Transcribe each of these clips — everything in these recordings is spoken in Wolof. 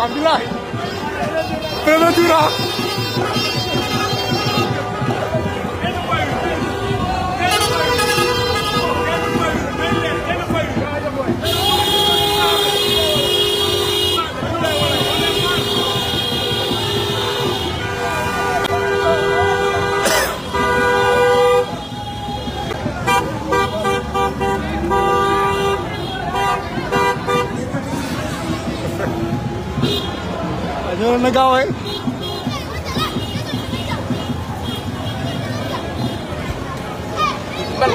Alhamdulillah premier tour ñoo na gaawee bal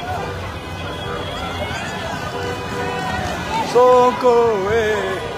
Sonko, eh.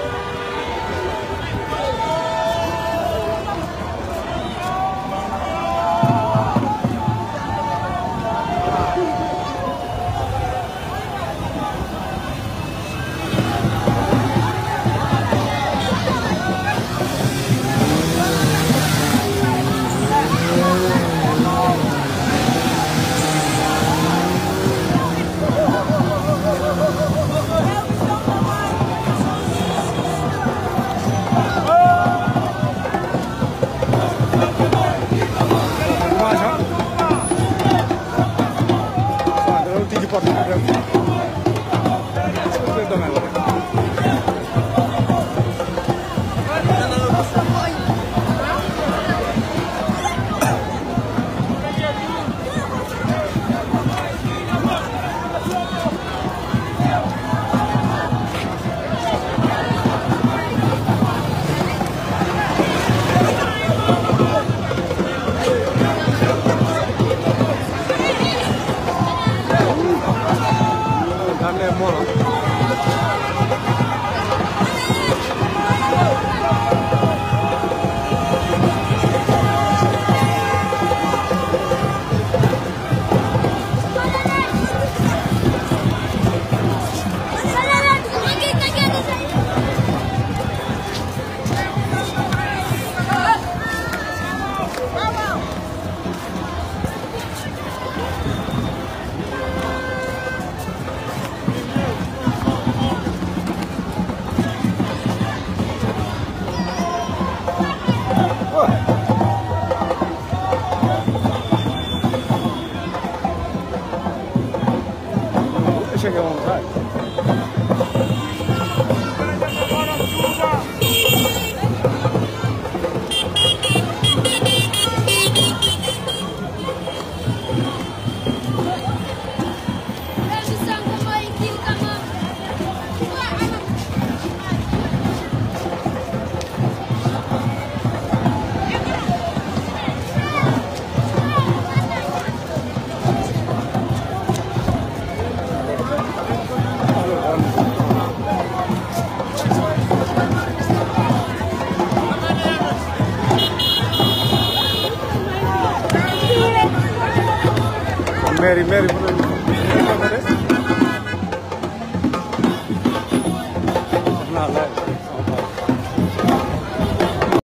mairie mairie